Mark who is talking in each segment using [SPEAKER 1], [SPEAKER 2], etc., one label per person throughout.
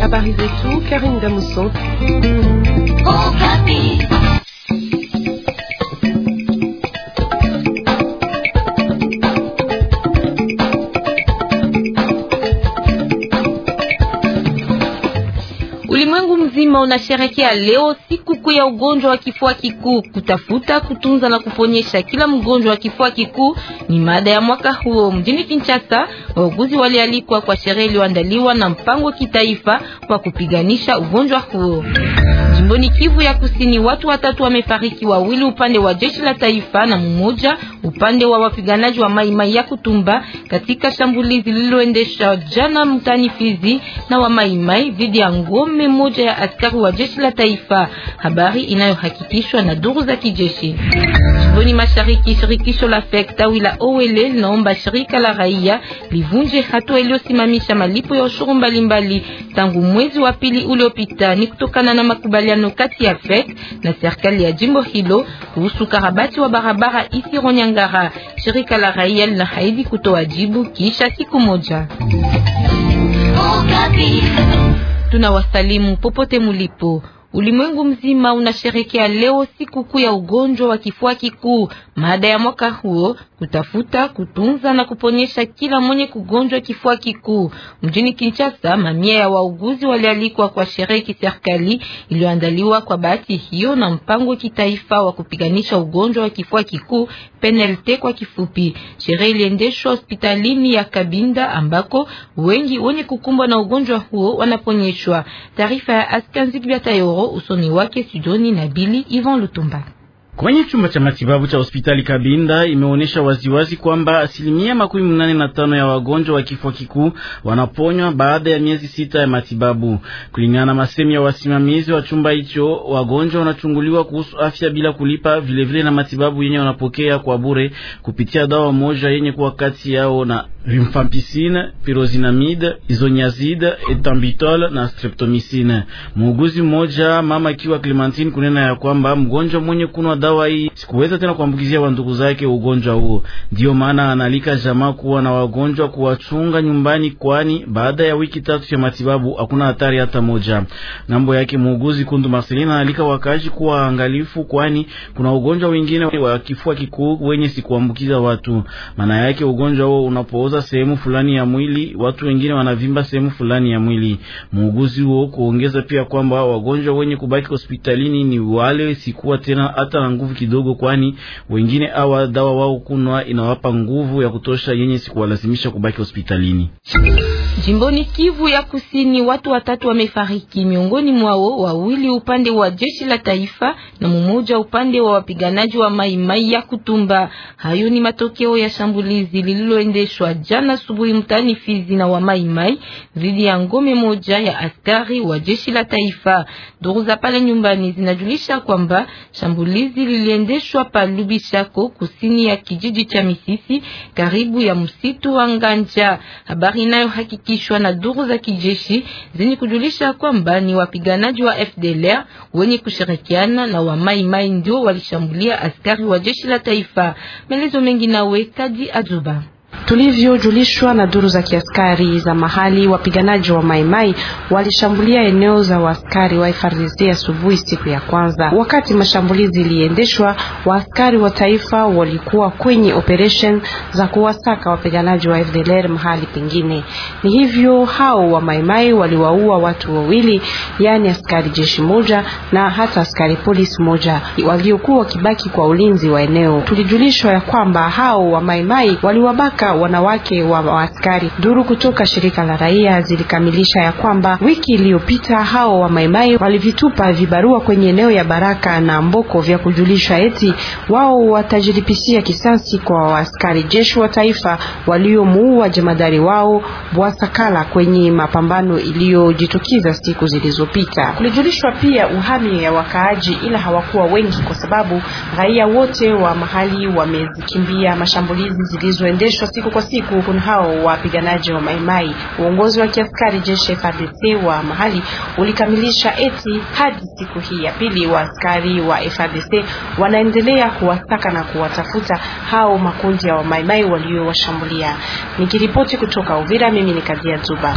[SPEAKER 1] Habari zetu Karinda Muso. Okapi.
[SPEAKER 2] mzima unasherekea leo kuu ya ugonjwa wa kifua kikuu. Kutafuta, kutunza na kuponyesha kila mgonjwa wa kifua kikuu ni mada ya mwaka huo mjini Kinshasa. Wauguzi walialikwa kwa sherehe iliyoandaliwa na mpango kitaifa wa kupiganisha ugonjwa huo. Jimboni Kivu ya Kusini, watu watatu wamefariki, wawili upande wa jeshi la taifa na mmoja upande wa wapiganaji wa Maimai ya Kutumba katika shambulizi lililoendeshwa jana mtani Fizi na wa Maimai dhidi ya ngome moja ya askari wa jeshi la taifa, habari inayohakikishwa na duru za kijeshi. Jimboni Mashariki, shirikisho la FEC tawi la Owele linaomba shirika la raia livunje hatua iliyosimamisha malipo ya ushuru mbalimbali tangu mwezi wa pili uliopita, ni kutokana na makubali makubaliano kati ya FEC na serikali ya jimbo hilo kuhusu karabati wa barabara Isiro Nyangara. Shirika la raia linaahidi kutoa jibu kisha siku moja. Oh, Tunawasalimu popote mulipo. Ulimwengu mzima unasherekea leo sikukuu ya ugonjwa wa kifua kikuu. Mada ya mwaka huo kutafuta, kutunza na kuponyesha kila mwenye kugonjwa kifua kikuu. Mjini Kinshasa, mamia ya wauguzi walialikwa kwa sherehe kiserikali iliyoandaliwa kwa bahati hiyo na mpango kitaifa wa kupiganisha ugonjwa wa kifua kikuu PNLT kwa kifupi. Sherehe iliendeshwa hospitalini ya Kabinda ambako wengi wenye kukumbwa na ugonjwa huo wanaponyeshwa. Taarifa ya Askanzi Biatayo mchoro usoni wake studioni na Bili Ivan Lutumba
[SPEAKER 3] kwenye chumba cha matibabu cha hospitali Kabinda imeonyesha waziwazi kwamba asilimia makumi mnane na tano ya wagonjwa wa kifua kikuu wanaponywa baada ya miezi sita ya matibabu. Kulingana na masemi ya wasimamizi wa chumba hicho, wagonjwa wanachunguliwa kuhusu afya bila kulipa, vilevile vile na matibabu yenye wanapokea kwa bure kupitia dawa moja yenye kuwa kati yao na rifampicine, pyrozinamide, isoniazide, etambitol na streptomycine. Muuguzi mmoja mama akiwa Clementine kunena ya kwamba mgonjwa mwenye kunwa dawa hii sikuweza tena kuambukizia wandugu zake ugonjwa huo. Ndiyo maana analika jamaa kuwa na wagonjwa kuwachunga nyumbani, kwani baada ya wiki tatu ya matibabu hakuna hatari hata moja. Ngambo yake muuguzi Kundu Marcelina analika wakazi kuwa angalifu, kwani kuna ugonjwa wengine wa kifua kikuu wenye sikuambukiza watu. Maana yake ugonjwa huo unapooza kuoza sehemu fulani ya mwili, watu wengine wanavimba sehemu fulani ya mwili. Muuguzi huo kuongeza pia kwamba wagonjwa wenye kubaki hospitalini ni wale sikuwa tena hata na nguvu kidogo, kwani wengine awa dawa wao kunwa inawapa nguvu ya kutosha yenye sikuwalazimisha kubaki hospitalini.
[SPEAKER 2] Jimboni Kivu ya Kusini, watu watatu wamefariki, miongoni mwao wawili upande wa jeshi la taifa na mmoja upande wa wapiganaji wa maimai mai ya Kutumba. Hayo ni matokeo ya shambulizi lililoendeshwa jana asubuhi mtani Fizi na wa Mai Mai dhidi ya ngome moja ya askari wa jeshi la taifa. Duru za pale nyumbani zinajulisha kwamba shambulizi liliendeshwa pa Lubishako kusini ya kijiji cha Misisi karibu ya msitu wa Nganja. Habari inayohakikishwa na duru za kijeshi zini kujulisha kwamba ni wapiganaji wa FDLR wenye kushirikiana na wa Mai Mai ndio walishambulia askari wa jeshi la taifa. Maelezo mengi nawe Kadi Azuba.
[SPEAKER 1] Tulivyojulishwa na duru za kiaskari za mahali, wapiganaji wa Maimai walishambulia eneo za waaskari wa FRDC asubuhi siku ya kwanza. Wakati mashambulizi iliendeshwa, waaskari wa taifa walikuwa kwenye operation za kuwasaka wapiganaji wa FDLR mahali pengine. Ni hivyo hao wa Maimai waliwaua watu wawili, yaani askari jeshi moja na hata askari polisi moja waliokuwa wakibaki kwa ulinzi wa eneo. Tulijulishwa ya kwamba hao wa Maimai waliwabaka wanawake wa askari. Duru kutoka shirika la raia zilikamilisha ya kwamba wiki iliyopita hao wa maimai walivitupa vibarua kwenye eneo ya Baraka na Mboko vya kujulisha eti wao watajilipishia kisasi kwa askari jeshi wa taifa waliomuua jemadari wao Bwasakala kwenye mapambano iliyojitokeza siku zilizopita. Kulijulishwa pia uhami ya wakaaji, ila hawakuwa wengi kwa sababu raia wote wa mahali wamezikimbia mashambulizi zilizoendeshwa siku siku kwa siku kuna hao wapiganaji wa Maimai. Uongozi wa kiaskari jeshi FARDC wa mahali ulikamilisha eti hadi siku hii ya pili waaskari wa FARDC wanaendelea kuwasaka na kuwatafuta hao makundi ya wa Maimai waliowashambulia. Nikiripoti kutoka Uvira, mimi ni Kadia Zuba.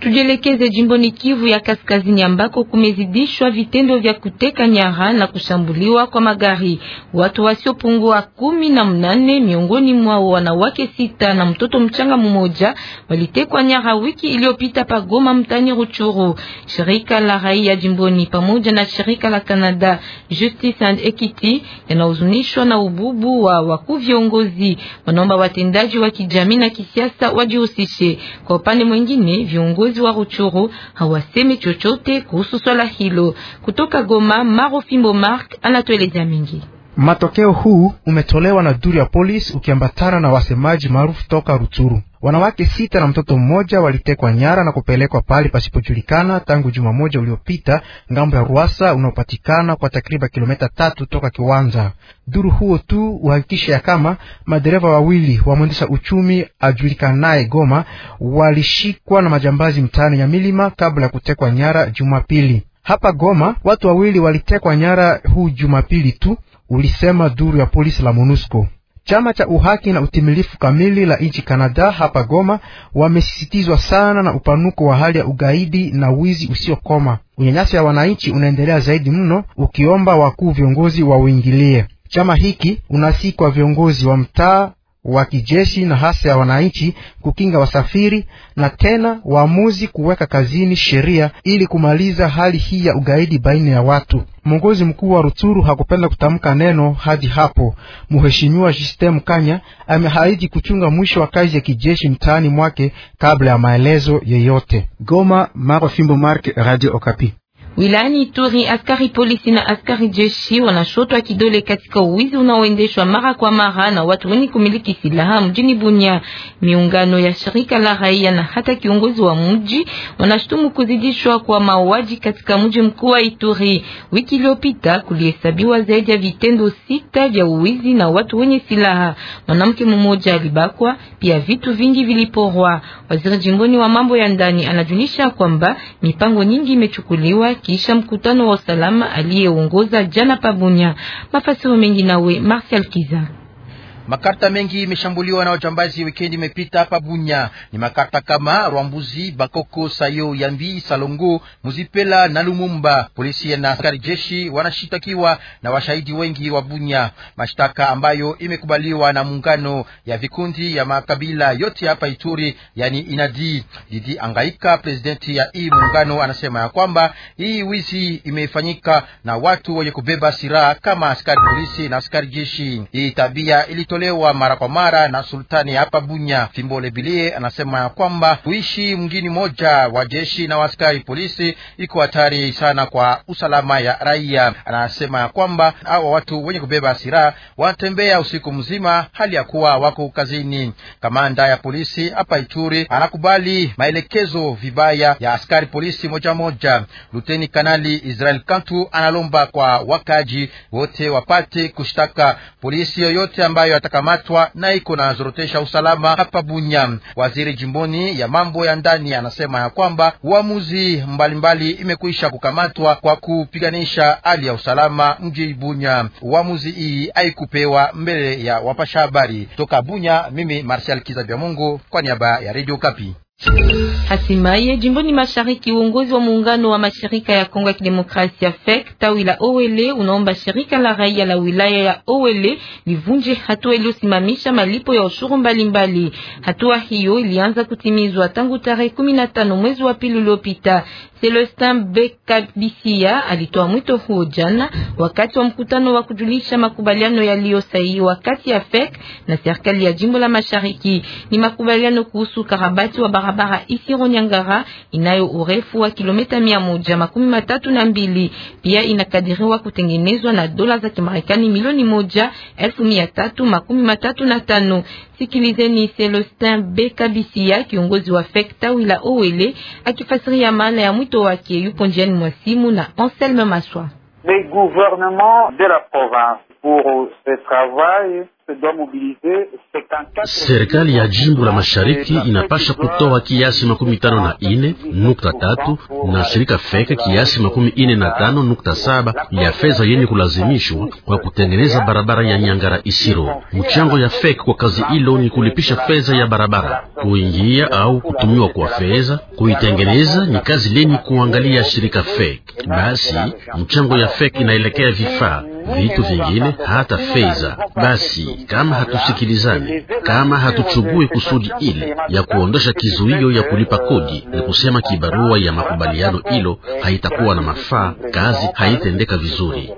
[SPEAKER 2] Tujielekeze jimboni Kivu ya kaskazini ambako kumezidishwa vitendo vya kuteka nyara na kushambuliwa kwa magari. Watu wasiopungua kumi na mnane, miongoni mwao wanawake sita na mtoto mchanga mmoja, walitekwa nyara wiki iliyopita pa Goma, mtani Ruchuru. Shirika la raia jimboni pamoja na shirika la Canada Justice and Equity yanahuzunishwa na ububu wa wakuu viongozi, wanaomba watendaji wa kijamii na kisiasa wajihusishe. Kwa upande mwingine viongozi wa Ruchuru hawasemi chochote kuhusu swala hilo. Kutoka Goma, Marofimbo Mark anatueleza mingi.
[SPEAKER 4] Matokeo huu umetolewa na duru ya polisi ukiambatana na wasemaji maarufu toka Ruchuru. Wanawake sita na mtoto mmoja walitekwa nyara na kupelekwa pahali pasipojulikana tangu juma moja uliopita, ngambo ya Ruasa unaopatikana kwa takriban kilomita tatu toka kiwanza Duru huo tu uhakikisha ya kama madereva wawili wa mwendesha uchumi ajulikanaye Goma walishikwa na majambazi mtaani ya milima kabla ya kutekwa nyara Jumapili. Hapa Goma watu wawili walitekwa nyara huu Jumapili tu, ulisema duru ya polisi la MONUSCO. Chama cha uhaki na utimilifu kamili la nchi Kanada hapa Goma wamesisitizwa sana na upanuko wa hali ya ugaidi na wizi usiokoma. Unyanyasi ya wananchi unaendelea zaidi mno, ukiomba wakuu viongozi wauingilie. Chama hiki unasikwa viongozi wa mtaa wa kijeshi na hasa ya wananchi kukinga wasafiri na tena waamuzi kuweka kazini sheria ili kumaliza hali hii ya ugaidi baina ya watu. Mwongozi mkuu wa ruturu hakupenda kutamka neno hadi hapo. Mheshimiwa Justin Mkanya ameahidi kuchunga mwisho wa kazi ya kijeshi mtaani mwake kabla ya maelezo yeyote. Goma, Maro Fimbo Mark, Radio Okapi.
[SPEAKER 2] Wilayani Ituri, askari polisi na askari jeshi wanashotwa kidole katika uwizi unaoendeshwa mara kwa mara na watu wenye kumiliki silaha mjini Bunia. Miungano ya shirika la raia na hata kiongozi wa mji wanashutumu kuzidishwa kwa mauaji katika mji mkuu wa Ituri. Wiki iliyopita kulihesabiwa zaidi ya vitendo sita vya uwizi na watu wenye silaha. Mwanamke mmoja alibakwa, pia vitu vingi viliporwa. Waziri jimboni wa mambo ya ndani anajulisha kwamba mipango nyingi imechukuliwa kisha mkutano wa usalama aliyeongoza jana Pabunya. Mafasiro mengi nawe Marcel Kiza.
[SPEAKER 5] Makarta mengi imeshambuliwa na wajambazi wikendi imepita hapa Bunya. Ni makarta kama Rwambuzi, Bakoko, Sayo, Yambi, Salongo, Muzipela na Lumumba. Polisi na askari jeshi wanashitakiwa na washahidi wengi wa Bunya, mashtaka ambayo imekubaliwa na muungano ya vikundi ya makabila yote hapa Ituri, yani Inadi. Didi Angaika, presidenti ya hii muungano, anasema ya kwamba hii wizi imefanyika na watu wenye kubeba silaha kama askari polisi na askari jeshi. Hii tabia ilitole kutolewa mara kwa mara na sultani hapa Bunya. Thimbole Bilie anasema ya kwamba kuishi mgini moja wa jeshi na waskari polisi iko hatari sana kwa usalama ya raia. Anasema ya kwamba hawa watu wenye kubeba silaha wanatembea usiku mzima hali ya kuwa wako kazini. Kamanda ya polisi hapa Ituri anakubali maelekezo vibaya ya askari polisi moja moja. Luteni Kanali Israel Kantu analomba kwa wakaji wote wapate kushtaka polisi yoyote ambayo atakamatwa na iko na zorotesha usalama hapa Bunya. Waziri jimboni ya mambo ya ndani anasema ya kwamba uamuzi mbalimbali imekwisha kukamatwa kwa kupiganisha hali ya usalama mji Bunya. Uamuzi hii haikupewa mbele ya wapasha habari toka Bunya. Mimi Marshal Kiza Bya Mungu kwa niaba ya Radio Kapi.
[SPEAKER 2] Hatimaye jimboni mashariki, uongozi wa muungano wa mashirika ya Kongo ya Kidemokrasia FEC tawi la Owele unaomba shirika la raia la wilaya ya Owele livunje hatua iliyosimamisha malipo ya ushuru mbalimbali. mbali. Hatua hiyo ilianza kutimizwa tangu tarehe 15 mwezi wa pili uliopita. Celestin Bekabisia alitoa mwito huo jana wakati wa mkutano wa kujulisha makubaliano yaliyosainiwa kati ya FEC na serikali ya jimbo la mashariki. Ni makubaliano kuhusu karabati wa barabara barabara Isiro Nyangara inayo urefu wa kilomita mia moja makumi matatu na mbili. Pia inakadiriwa kutengenezwa na dola za Kimarekani milioni moja elfu mia tatu makumi matatu na tano. Sikilizeni Celestin Bekabisia, kiongozi wa FECTA wila Owele, akifasiria maana ya mwito wake. Yupo njiani mwa simu na Anselme Maswa.
[SPEAKER 4] Les gouvernements de la province pour ce travail
[SPEAKER 3] Serikali ya jimbo la mashariki inapasha kutoa kiasi makumi tano na ine nukta tatu na shirika feke kiasi makumi ine na tano nukta saba ya fedha yenye kulazimishwa kwa kutengeneza barabara ya Nyangara Isiro. Mchango ya feke kwa kazi ilo ni kulipisha fedha ya barabara, kuingia au kutumiwa kwa fedha kuitengeneza ni kazi leni kuangalia shirika feke. Basi mchango ya feke inaelekea vifaa vitu vingine, hata fedha. Basi kama hatusikilizane, kama hatuchugui kusudi ile ya kuondosha kizuio ya kulipa kodi, ni kusema kibarua ya makubaliano hilo haitakuwa na mafaa, kazi haitendeka vizuri.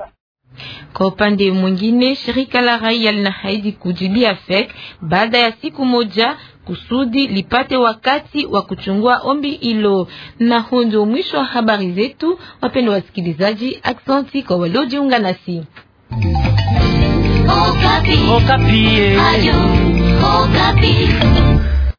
[SPEAKER 2] Kwa upande mwingine, shirika la raia linahaidi kujibia fek baada ya siku moja kusudi lipate wakati wa kuchungua ombi hilo. Na huo ndio mwisho wa habari zetu. Wapendo wasikilizaji, aksanti kwa waliojiunga nasi
[SPEAKER 1] Okapi.
[SPEAKER 3] Okapi. Okapi.